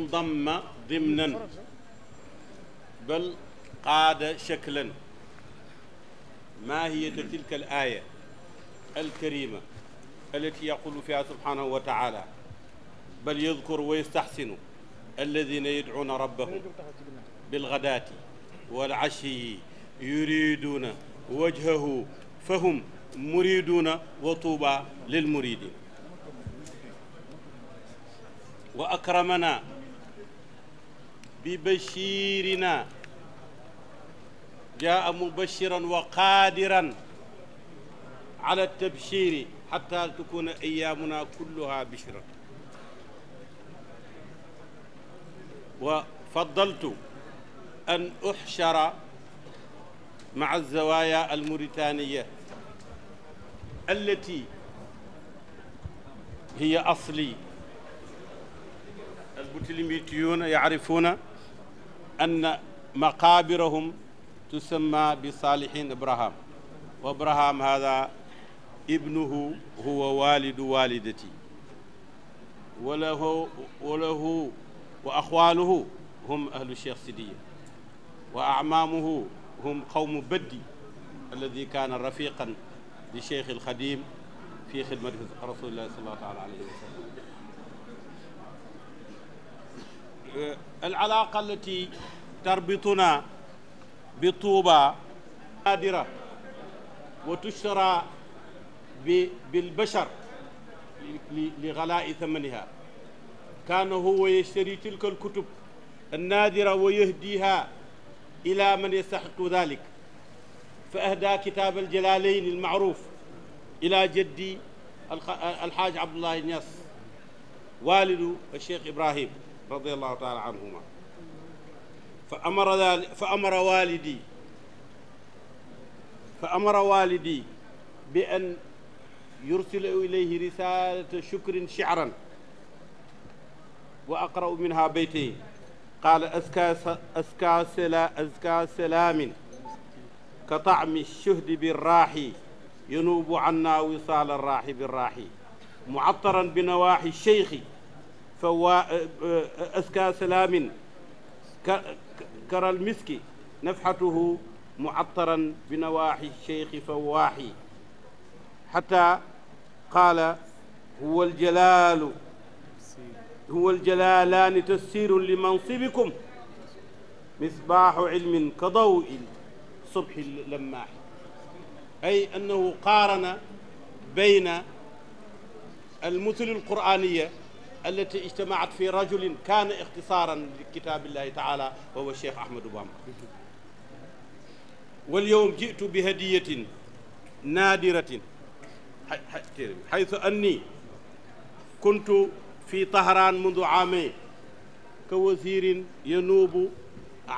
انضم ضمنا بل قاد شكلا ما هي تلك الآية الكريمة التي يقول فيها سبحانه وتعالى بل يذكر ويستحسن الذين يدعون ربهم بالغداة والعشي يريدون وجهه فهم مريدون وطوبى للمريدين وأكرمنا ببشيرنا جاء مبشرا وقادرا على التبشير حتى تكون أيامنا كلها بشرا وفضلت أن أحشر مع الزوايا الموريتانية التي هي أصلي البوتلميتيون يعرفون anna maqaabirahum tusamma bi saalihin ibraham wa ibraham hada ibnuhu huwa walidu walidati walahu walahu wa axwaaluhu hum ahlu cheikh sidiya wa acmaamuhu hum qawmu baddi alladi kaana rafiqan li cheikh alxadim fi xidmati rasulillahi sallallahu taala alayhi wa sallam al alaaqa allati tarbituna bi tuuba naadira wa tushtaraa bi bilbashar li galaa'i thamaniha kaana huwa yashtari tilka alkutub annaadira wa yahdiha ila man yastaxiqu dalik fa ahda kitaab aljalalayn almaaruf ila jaddi alxaaj abdullahi ñas walidu alcheikh ibrahim radiallahu taala anhuma fa amara daal fa amara walidi fa amara walidi bi an yursila ilayhi risalata shukrin shi'ran wa aqra'u minha baytayn qaala aska aska sala aska salaamin ka taami shuhdi birraahi yanuubu anna wisaal arraahi birraahi muattaran bi nawaahi sheykhi فوا أزكى سلام كرى المسك نفحته معطرا بنواحي الشيخ فواحي حتى قال هو الجلال هو الجلالان تسير لمنصبكم مصباح علم كضوء الصبح اللماح أي أنه قارن بين المثل القرآنية allati ijtamaat fi rajulin kaana ixtisaaran li kitaabillahi taala wa huwa cheikh ahmadou bamba wal yowm jitu bi hadiyatin naadiratin xaytu anni kuntu fi tahran mundu aamayn ka wasirin yanuubu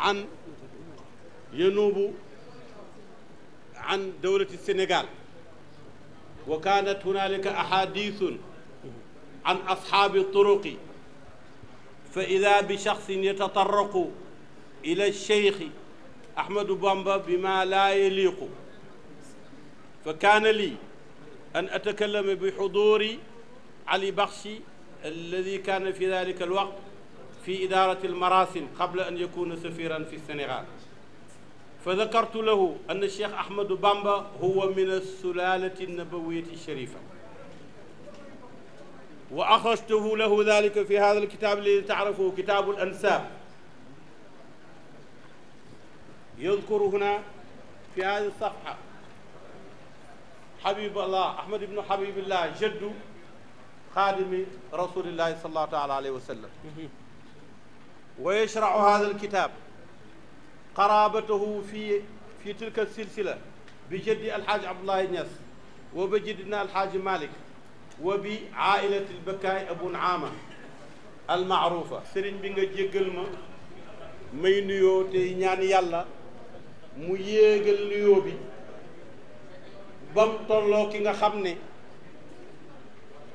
an yanuubu an dawlati sénégal wa kaanat hunalika ahadisun an ashaabi turuqi fa ida bi shaxsin yatataraqu ila lcheikhi ahmadu bamba bima laa yaliqu fa kaana lii an atakallama bi xuduuri ali baxshi alladi kaana fi dalika alwaqt fi idaarati almarasim qabla an yakuna safiran fi sénégal fa dakartu lahu ann cheikh ahmadu bamba huwa min alsulalati nabawiyati sharifa wa axrajtuhu lahu dalika fi hada alkitab li taarafu kitabu al ansab yadkuru huna fi hadi safha habiballah ahmad ibnu habibillah jaddu xaadimi rasulillahi sallallahu taala alayhi wa sallam wa yashracu hada alkitab qarabatahu fi fi tilka silsila bi jaddi alxaaji abdullahi ñas wa ba jiddina alxaaji malik wa bi aailatil bakkaay abun aama almaarufa sëriñ bi nga jéggal ma may nuyoo te ñaan yàlla mu yéegal nuyoo bi bam tolloo ki nga xam ne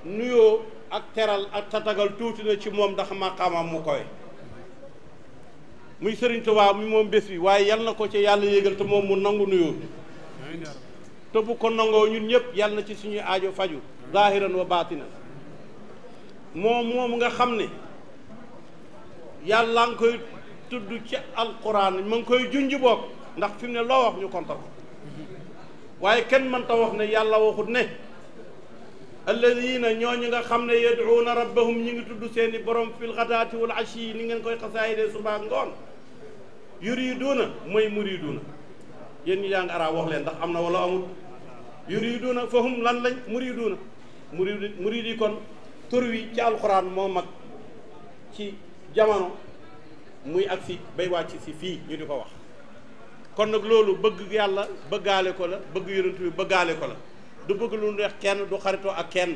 nuyoo ak teral ak tatagal ci moom ndax maqaamam mu koy muy sëriñ Tuubaa mi moom bés bi waaye yal na ko ci yàlla yéegal te moom mu nangu nuyoo bi ko nangoo ñun ñëpp yal na ci suñu aajo faju zahiran wa baatinan moom moomu nga xam ni yàlla nga koy tudd ci alquran ma ngi koy junj boog ndax fi ne loo wax ñu konta ko waaye kenn mënta wax ne yàlla waxut ne alladina ñooñu nga xam ne yad'uuna rabbahum ñi ngi tudd seeni borom fil xadaati wal ashi ni ngeen koy su subaa ngoon yuriduuna mooy muriduuna yéen ñu jàng arab wax leen ndax am na wala amul yuriduuna fahum lan lañ muriduuna murid murid yi kon tur wi ci alxuraan moo mag ci jamono muy agsi bay wàcc si fii ñu di ko wax kon nag loolu bëgg yàlla bëggaale ko la bëgg yonent bi bëggaale ko la du bëgg lu neex kenn du xaritoo ak kenn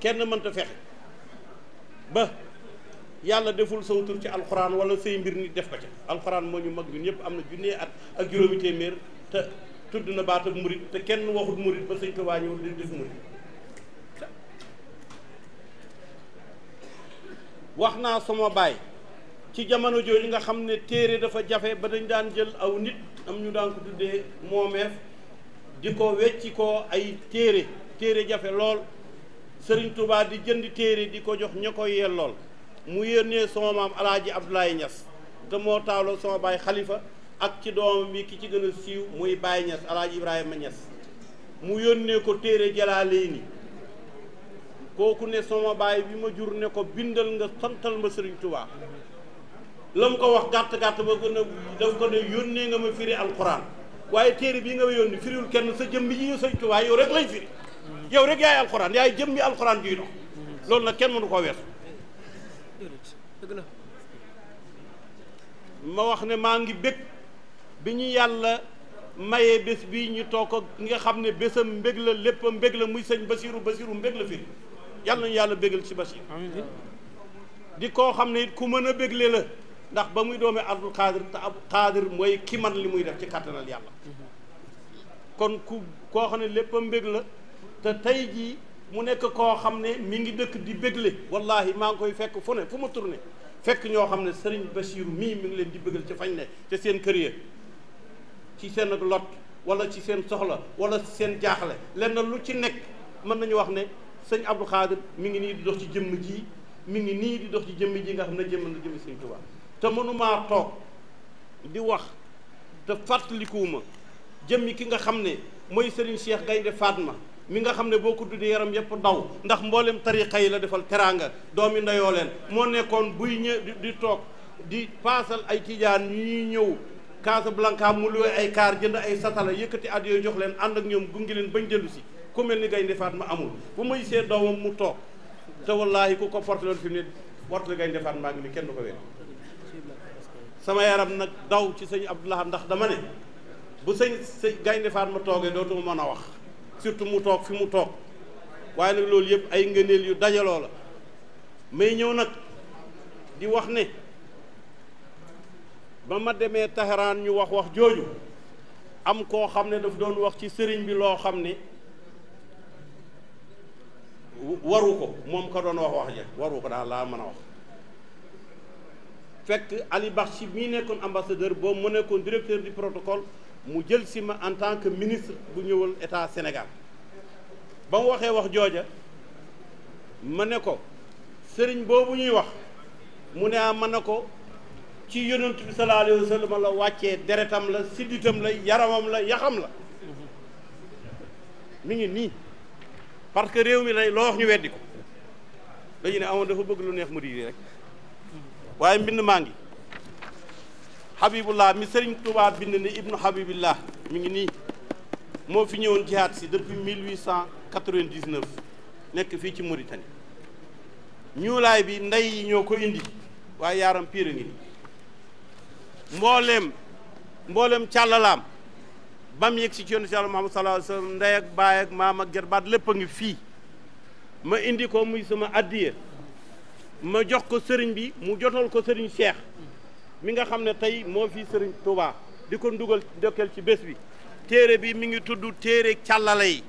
kenn mënta fexe ba yàlla deful saw tur ci alxuraan wala say mbir nit def ko ca alxuraan moo ñu mag ñun ñëpp am na junnee at ak juróomi téeméer te tudd na baat ak murit te kenn waxut murit ba sëñ Tuubaa ñëw di def murit wax naa sama baay ci jamono jooju nga xam ne téere dafa jafe ba dañ daan jël aw nit am ñu daan ko tuddee moomeef di ko wecci ko ay téere téere jafe lool Sëriñ Tuubaa di jënd téere di ko jox ña ko yellool mu yónnee sama maam Alaaji Abdoulaye Niass te moo taaloo sama baay xalifa ak ci doomam bi ki ci gën a siiw muy Baay Niass Alaaji Ibrahima Niass mu yónnee ko téere Jalaalayni kooku ne sama baay bi ma jur ne ko bindal nga santal ma sëriñ tubaa la mu ko wax gàtt gàtt ba ko ne daf ko ne yónnee nga ma firi alquran waaye téere bii nga ma yónni firiwul kenn sa jëmm yi sëriñ tubaa yow rek lay firi yow rek yaay alquran yaay jëmmi alquran juy dox loolu nag kenn mënu koo weesu ma wax ne maa ngi bég bi ñu yàlla mayee bés bii ñu toog ko nga xam ne bésam mbég la léppam mbég la muy sëñ Basiru Basiru mbég la firi yàlla nañu yàlla bégal ci Bachir di koo xam ne it ku mën a bégle la ndax ba muy doomee Abdul Xaadir te ab Xaadir mooy ki man li muy def ci kàttanal yàlla kon ku koo xam ne lépp a mbég la te tey jii mu nekk koo xam ne mi ngi dëkk di bégle wallahi maa ngi koy fekk fu ne fu ma tourné fekk ñoo xam ne Serigne Bachir mii mi ngi leen di bëggal ci fañ ne ci seen kër ya ci seen lot wala ci seen soxla wala ci seen jaaxle lenn lu ci nekk mën nañu wax ne sëñ Abdou Khadir mi ngi nii di dox ci jëmm jii mi ngi nii di dox ci jëmm ji nga xam ne jëmm na jëmm sëñ Tuubaa te mënumaa toog di wax te fàttalikuwuma jëmmi ki nga xam ne mooy Serigne Cheikh Gaynde Fatma mi nga xam ne boo ko tuddee yaram yëpp daw ndax mboolem tariqa yi la defal teraanga doomi ndeyoo leen moo nekkoon buy ñë di toog di paasal ay tijaan ñuy ñëw Casablanca mu luwe ay kaar jënd ay satala yëkkati at yooyu jox leen ànd ak ñoom gungi leen bañ dellu si ku mel ni Gaynde Fatma amul bu ma gisee doomam mu toog te wallaahi ku ko fortaloon fi mu ne wartul defaat maa ngi ni kenn du ko wér sama yaram nag daw ci sëñ Abdoulaye ndax dama ne bu sëñ sëñ Gaynde ma toogee dootuma mën a wax surtout mu toog fi mu toog waaye nag loolu yëpp ay ngëneel yu dajaloo la may ñëw nag di wax ne ba ma demee Taxeraan ñu wax wax jooju am koo xam ne daf doon wax ci sëriñ bi loo xam ne waru ko moom ko doon wax wax ja waru ko daal laa mën a wax fekk Ali Bakhshi mii nekkoon ambassadeur boobu mu nekkoon directeur du protocole mu jël si ma en tant que ministre bu ñëwal état Sénégal ba waxee wax jooja ma ne ko sëriñ boobu ñuy wax mu ne ah ma ne ko ci yonent bi sallallahu alayhi la wàccee deretam la sidditam la yaramam la yaxam la mi ngi nii parce que réew mi lay loo ñu weddi ko dañu ne dafa bëgg lu neex murid yi rek waaye mbind maa ngi Habibullah mi Serigne Touba bind ne Ibnu Habibillah mi ngi nii moo fi ñëwoon jihaat si depuis 1899 nekk fii ci Mauritanie ñuulaay bi ndey yi ñoo ko indi waaye yaaram piir ngi nii mbooleem mbooleem càllalaam ba mu yëg si ci yonent yàlla Muhammad sallallahu alayhi wa sallam ndey ak baay maa maam jarbaat lépp a ngi fii ma indi ko muy sama addiya ma jox ko sëriñ bi mu jotool ko sëriñ Cheikh mi nga xam ne tey moo fi sëriñ Touba di ko ndugal ndokkeel ci bés bi téere bi mi ngi tudd téere càllale yi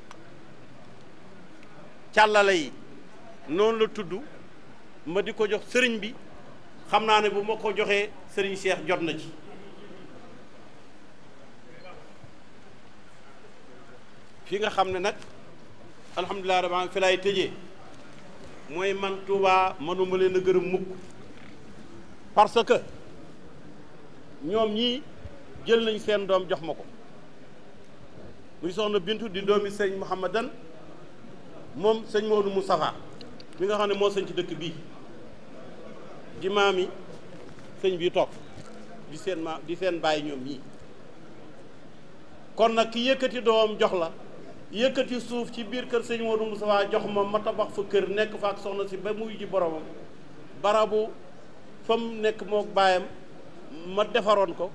càllale yi noonu la tudd ma di ko jox sëriñ bi xam naa ne bu ma ko joxee sëriñ Cheikh jot na ci fi nga xam ne nag alhamdulilah rabbi fi laay tëjee mooy man Touba manuma leen a gërëm mukk parce que ñoom ñii jël nañ seen doom jox ma ko muy soxna Bintu di doomi sëñ Mouhamadan moom sëñ Maodo Moustapha mi nga xam ne moo sëñ ci dëkk bii di maami sëñ bii toog di seen ma di seen bàyyi ñoom ñii kon nag ki yëkkati doom jox la yëkkati suuf ci biir kër sëñ Modou Moustapha jox ma ma tabax fa kër nekk fa ak soxna si ba muy ji boromam barabu fa mu nekk mook baayam ma defaroon ko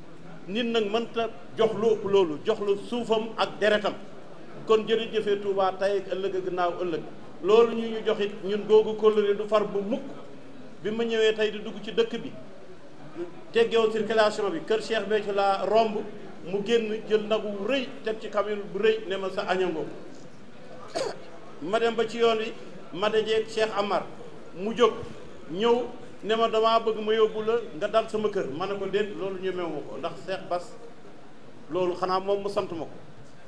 nit nag mënta jox lu loolu jox la suufam ak deretam kon jërëjëfee Touba tey ëllëg ak naaw ëllëg loolu ñu ñu joxit ñun googu kóllëre du far bu mukk bi ma ñëwee tey di dugg ci dëkk bi teggewoon circulation bi kër Cheikh Béthio laa romb mu génn jël nag wu rëy teg ci camion bu rëy ne ma sa añango ma dem ba ci yoon wi ma dajeeg Cheikh Amar mu jóg ñëw ne ma dama bëgg ma yóbbu la nga dal sama kër ma ne ko déet loolu ñemewu ko ndax Cheikh Bass loolu xanaa moom mu sant ma ko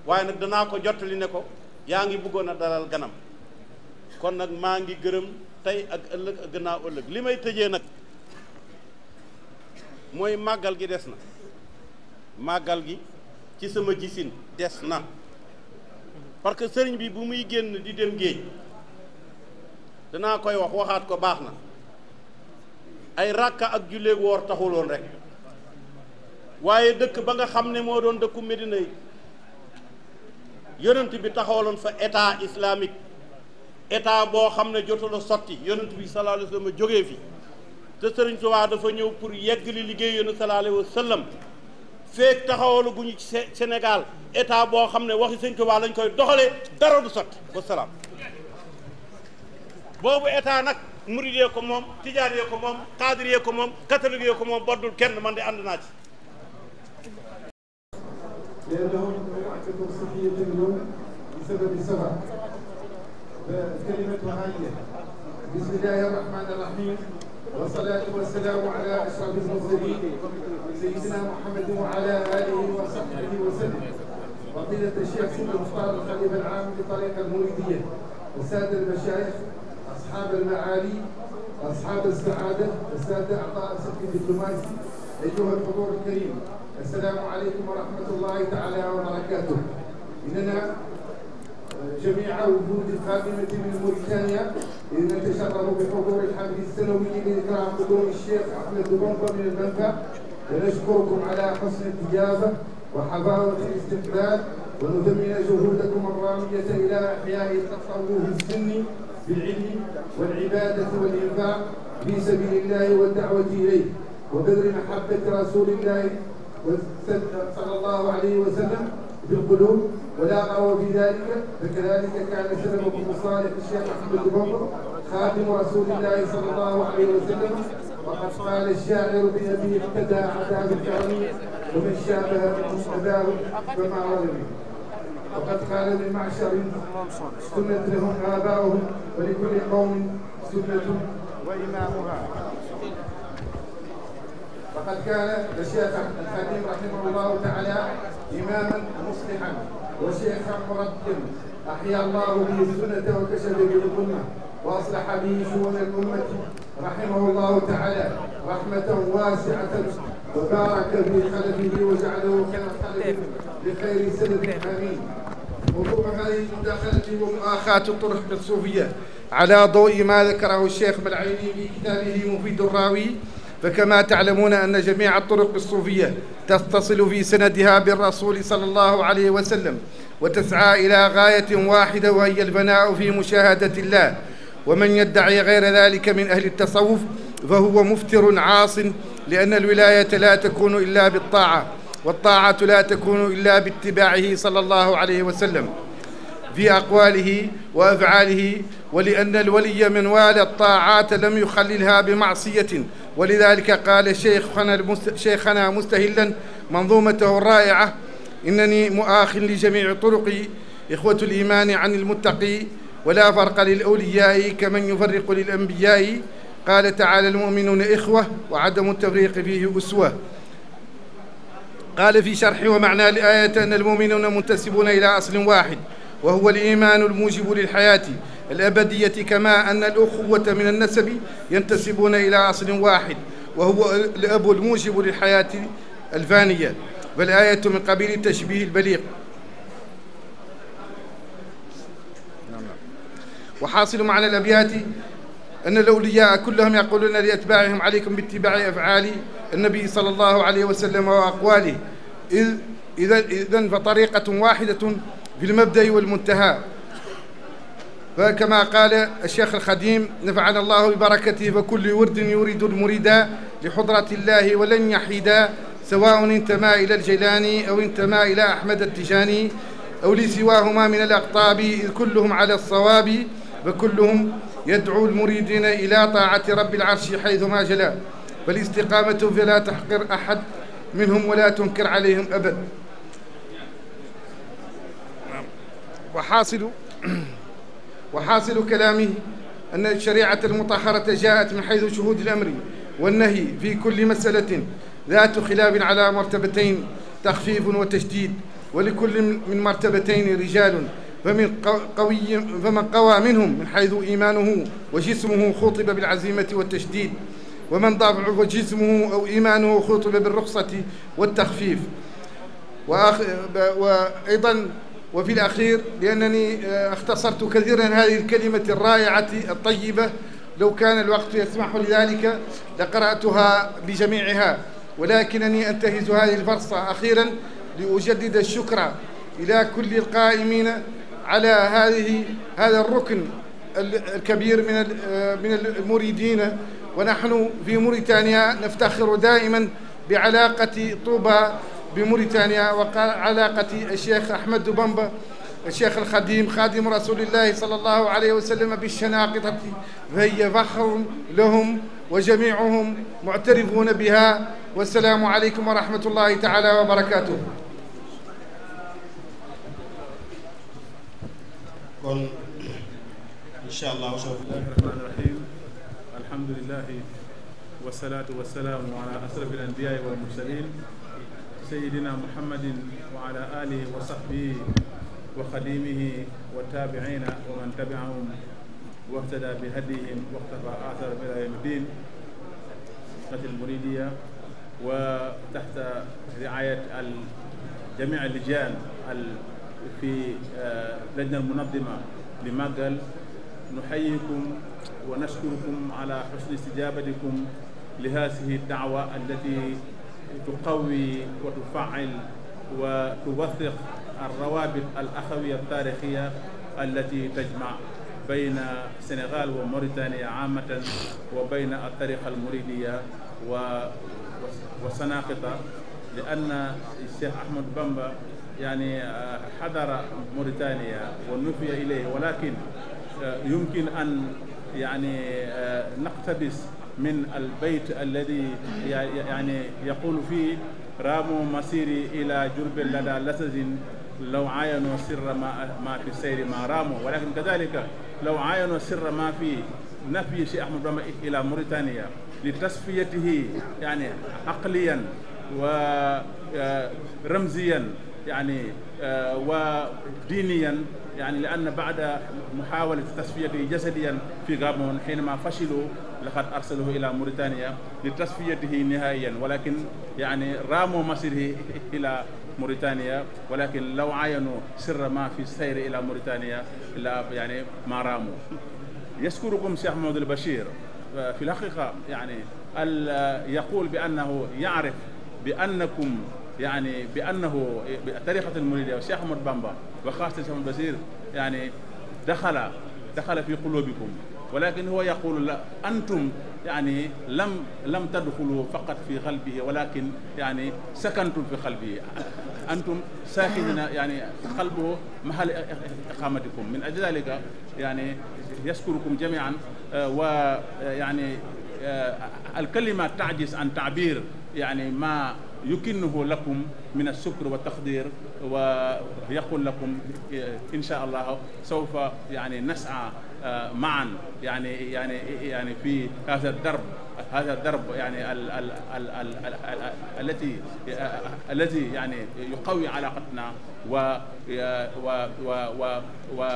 waaye nag danaa ko jottali ne ko yaa ngi buggoon a dalal ganam kon nag maa ngi gërëm tey ak ëllëg ak gannaaw ëllëg li may tëjee nag mooy màggal gi des na màggal gi ci sama gisin des na parce que sëriñ bi bu muy génn di dem géej danaa koy wax waxaat ko baax na ay ràkka ak julleeg woor taxuloon rek waaye dëkk ba nga xam ne moo doon dëkku Medina yi yonent bi taxawaloon fa état islamique état boo xam ne jotul a sotti yonent bi sallallahu alayhi wa sallam fi te sëriñ waa dafa ñëw pour yegg li liggéey yonent sallallahu alayhi wa feek taxawalu gu ñu ci Sénégal état boo xam ne waxi sëñ Tuubaa lañ koy doxalee dara du sotti wasalaam boobu état nag murid yee ko moom tijaar yee ko moom xaadir yee ko moom catholique ko moom boddul kenn man de ànd naa ci لأنهم يعتبر صحية اليوم بسبب السبب فكلمة عالية بسم الله الرحمن الرحيم والصلاة والسلام على أشرف المرسلين سيدنا محمد وعلى آله وصحبه وسلم فضيلة الشيخ سيد المختار الخليفة العام للطريقة المريدية السادة المشايخ أصحاب المعالي أصحاب السعادة السادة أعضاء السلك الدبلوماسي أيها الحضور الكريم السلام عليكم ورحمة الله تعالى وبركاته إننا جميع وجود القادمة من موريتانيا إذ التزموا بحضور الحمد السنوي لإكرام قدوم الشيخ أحمد بن بن المنفى ونشكركم على حسن الإجابة وحضارة الاستقبال ونثمن جهودكم الرامية إلى إحياء التطور السني بالعلم والعبادة والإنفاق في سبيل الله والدعوة إليه وبذل محبة رسول الله صلى الله عليه وسلم بالقلوب ولاقوا في ذلك فكذلك كان سلفكم الصالح الشيخ احمد بن خاتم رسول الله صلى الله عليه وسلم وقد قال الشاعر بنبي اقتدى عذاب الكرم ومن شابه منهم اباه فما ظلم وقد قال للمعشر سنة لهم آباؤهم ولكل قوم سنة وإمامها فقد كان الشيخ الخليل رحمه الله تعالى إماما مصلحا وشيخا مربيا أحيا الله به السنة وكشف به الأمة وأصلح به شؤون الأمة رحمه الله تعالى رحمة واسعة وبارك في خلفه وجعله خير خلفه بخير سلف آمين وثم هذه المداخلة ومؤاخاة الطرق الصوفية على ضوء ما ذكره الشيخ بالعيني في كتابه مفيد الراوي فكما تعلمون أن جميع الطرق الصوفية تتصل في سندها بالرسول صلى الله عليه وسلم وتسعى إلى غاية واحدة وهي البناء في مشاهدة الله ومن يدعي غير ذلك من أهل التصوف فهو مفتر عاص لأن الولاية لا تكون إلا بالطاعة والطاعة لا تكون إلا باتباعه صلى الله عليه وسلم في أقواله وأفعاله ولأن الولي من والى الطاعات لم يخللها بمعصية ولذلك قال شيخنا شيخنا مستهلا منظومته الرائعة إنني مؤاخ لجميع طرقي إخوة الإيمان عن المتقي ولا فرق للأولياء كمن يفرق للأنبياء قال تعالى المؤمنون إخوة وعدم التفريق فيه أسوة قال في شرح ومعنى الآية أن المؤمنون منتسبون إلى أصل واحد وهو الإيمان الموجب للحياة الأبدية كما أن الأخوة من النسب ينتسبون إلى عصر واحد وهو الأب الموجب للحياة الفانية فالآية من قبيل التشبيه البليغ وحاصل معنى الأبيات أن الأولياء كلهم يقولون لأتباعهم عليكم باتباع أفعال النبي صلى الله عليه وسلم وأقواله إذ إذا فطريقة واحدة في المبدأ والمنتهى فكما قال الشيخ الخديم نفعنا الله ببركته فكل ورد يريد المريد لحضرة الله ولن يحيدا سواء انتمى إلى الجيلاني أو انتمى إلى أحمد التجاني أو لسواهما من الأقطاب إذ كلهم على الصواب وكلهم يدعو المريدين إلى طاعة رب العرش حيثما جلا فالاستقامة فلا تحقر أحد منهم ولا تنكر عليهم أبدا وحاصل وحاصل كلامه أن الشريعة المطهرة جاءت من حيث شهود الأمر والنهي في كل مسألة ذات خلاف على مرتبتين تخفيف وتشديد ولكل من مرتبتين رجال فمن قوي فمن قوى منهم من حيث إيمانه وجسمه خطب بالعزيمة والتشديد ومن ضعف وجسمه أو إيمانه خطب بالرخصة والتخفيف وأيضا وفي الأخير لأنني اختصرت كثيرا هذه الكلمة الرائعة الطيبة لو كان الوقت يسمح لذلك لقرأتها بجميعها ولكنني أنتهز هذه الفرصة أخيرا لأجدد الشكر إلى كل القائمين على هذه هذا الركن الكبير من من المريدين ونحن في موريتانيا نفتخر دائما بعلاقة طوبى بموريتانيا وعلاقتي الشيخ أحمد بامبا الشيخ الخديم خادم رسول الله صلى الله عليه وسلم بالشناقطة فهي فخر لهم وجميعهم معترفون بها والسلام عليكم ورحمة الله تعالى وبركاته kon incha allah bismillahi rahmaani rahim alhamdulilahi wasalaatu wasalaamu ala asrafi al anbiyaai wal mursalin sayidina muhammadin wa ala alihi wa sahbihi wa xadimihi wa taabiina wa man tabiahum wahtada bi hadihim waxtafa athar ila yawmi din al muridiya wa taxta riayat al jami al lijaan al fi eh, lajna al munadima li màggal nuxayikum wa nashkurukum ala xusni istijabatikum li haasihi daawa allati تقوي وتفعل وتوثق الروابط الأخوية التاريخية التي تجمع بين السنغال وموريتانيا عامة وبين الطريقة المريدية وسناقطة لأن الشيخ أحمد بامبا يعني حضر موريتانيا ونفي إليه ولكن يمكن أن يعني نقتبس من البيت الذي يعني يقول فيه راموا مسيري إلى جرب لدى لسز لو عاينوا سر ما ما في السير ما راموا ولكن كذلك لو عاينوا سر ما في نفي شيخ أحمد بن إلى موريتانيا لتصفيته يعني عقليا ورمزيا يعني ودينيا يعني لأن بعد محاولة تصفيته جسديا في غابون حينما فشلوا لقد أرسلوه إلى موريتانيا لتصفيته نهائيا ولكن يعني راموا مسيره إلى موريتانيا ولكن لو عاينوا سر ما في السير إلى موريتانيا لا يعني ما راموا يشكركم شيخ محمد البشير في الحقيقة يعني يقول بأنه يعرف بأنكم يعني بأنه طريقة المريدية والشيخ أحمد بامبا وخاصة الشيخ البشير يعني دخل دخل في قلوبكم ولكن هو يقول لا أنتم يعني لم لم تدخلوا فقط في قلبه ولكن يعني سكنتم في قلبه أنتم ساكنين يعني قلبه محل إقامتكم من أجل ذلك يعني يشكركم جميعا ويعني الكلمة تعجز عن تعبير يعني ما yukinnuhu lakum min alshukr wa taqdir wa yaqul lakum eh, insha allah sawfa yani nas'a eh, maan yani yani yani fi hada darb hada darb yani allati eh, allati yani yuqawi alaqatna wa wa wa wa wa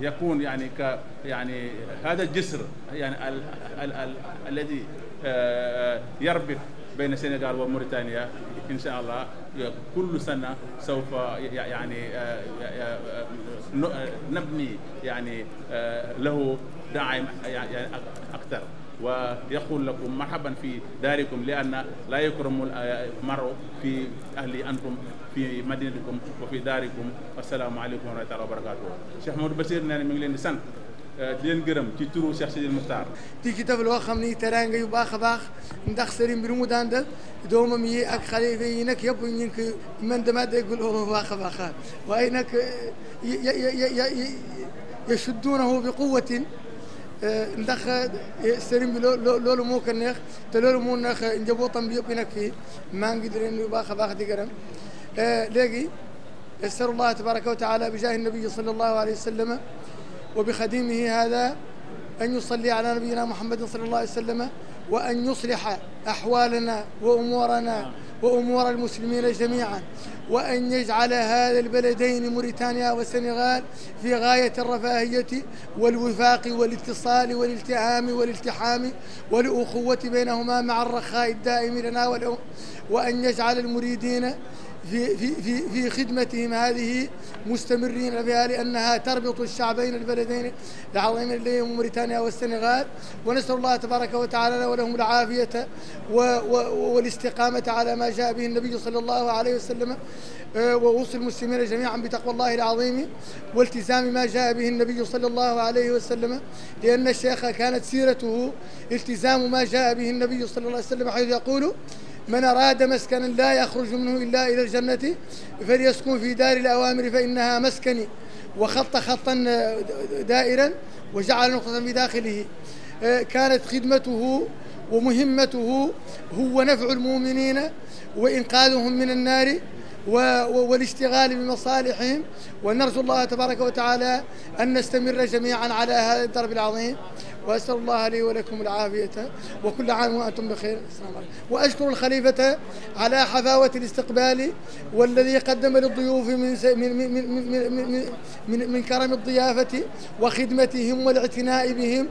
yakun yani ka yani hada jisr yani alladi yarbit بين السنغال وموريتانيا ان شاء الله كل سنه سوف يعني نبني يعني له دعم اكثر ويقول لكم مرحبا في داركم لان لا يكرم المرء في اهل انتم في مدينتكم وفي داركم والسلام عليكم ورحمه الله وبركاته. Cheikh Mamadou Bassir nee na mi ngi leen di sant. Euh, di leen gërëm ci turu Cheikh Sidil Muxtaar di ci def loo xam ni teraanga yu baax a baax ndax sëriñ bi lu mu daan def doomam yi ak xalifa yi nag yëpp ñu ngi ko man dama déggul bu baax a baax waaye nag euh, ya ya ya yasudduunahu bi quwwatin euh, ndax sëriñ bi loo loolu moo ko neex te loolu moo neex njabootam bi yëpp nag fii maa ngi di leen bu baax a baax di gërëm léegi asalullah tabaraka wa taala bi jaahi nabi sallallahu alayhi wa sallam وبخديمه هذا أن يصلي على نبينا محمد صلى الله عليه وسلم وأن يصلح أحوالنا وأمورنا وأمور المسلمين جميعا وأن يجعل هذا البلدين موريتانيا والسنغال في غاية الرفاهية والوفاق والاتصال والالتئام والالتحام والأخوة بينهما مع الرخاء الدائم لنا وأن يجعل المريدين في في في في خدمتهم هذه مستمرين بها لانها تربط الشعبين البلدين العظيمين اللي هم موريتانيا والسنغال ونسال الله تبارك وتعالى ولهم العافيه والاستقامه على ما جاء به النبي صلى الله عليه وسلم ووصي المسلمين جميعا بتقوى الله العظيم والتزام ما جاء به النبي صلى الله عليه وسلم لان الشيخ كانت سيرته التزام ما جاء به النبي صلى الله عليه وسلم حيث يقول من أراد مسكنا لا يخرج منه إلا إلى الجنة فليسكن في دار الأوامر فإنها مسكني وخط خطا دائرا وجعل نقطة في داخله كانت خدمته ومهمته هو نفع المؤمنين وإنقاذهم من النار والاشتغال بمصالحهم ونرجو الله تبارك وتعالى أن نستمر جميعا على هذا الدرب العظيم وأسأل الله لي ولكم العافية وكل عام وأنتم بخير السلام عليكم وأشكر الخليفة على حفاوة الاستقبال والذي قدم للضيوف من من من من من, من, من كرم الضيافة وخدمتهم والاعتناء بهم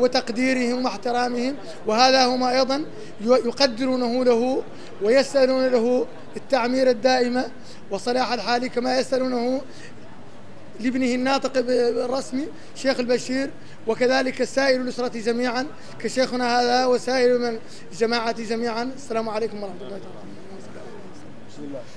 وتقديرهم واحترامهم وهذا هم أيضا يقدرونه له ويسألون له التعمير الدائم وصلاح الحال كما يسألونه لابنه الناطق الرسمي شيخ البشير وكذلك سائر الأسرة جميعا كشيخنا هذا وسائر من جماعتي جميعا السلام عليكم ورحمة الله تعالى بسم الله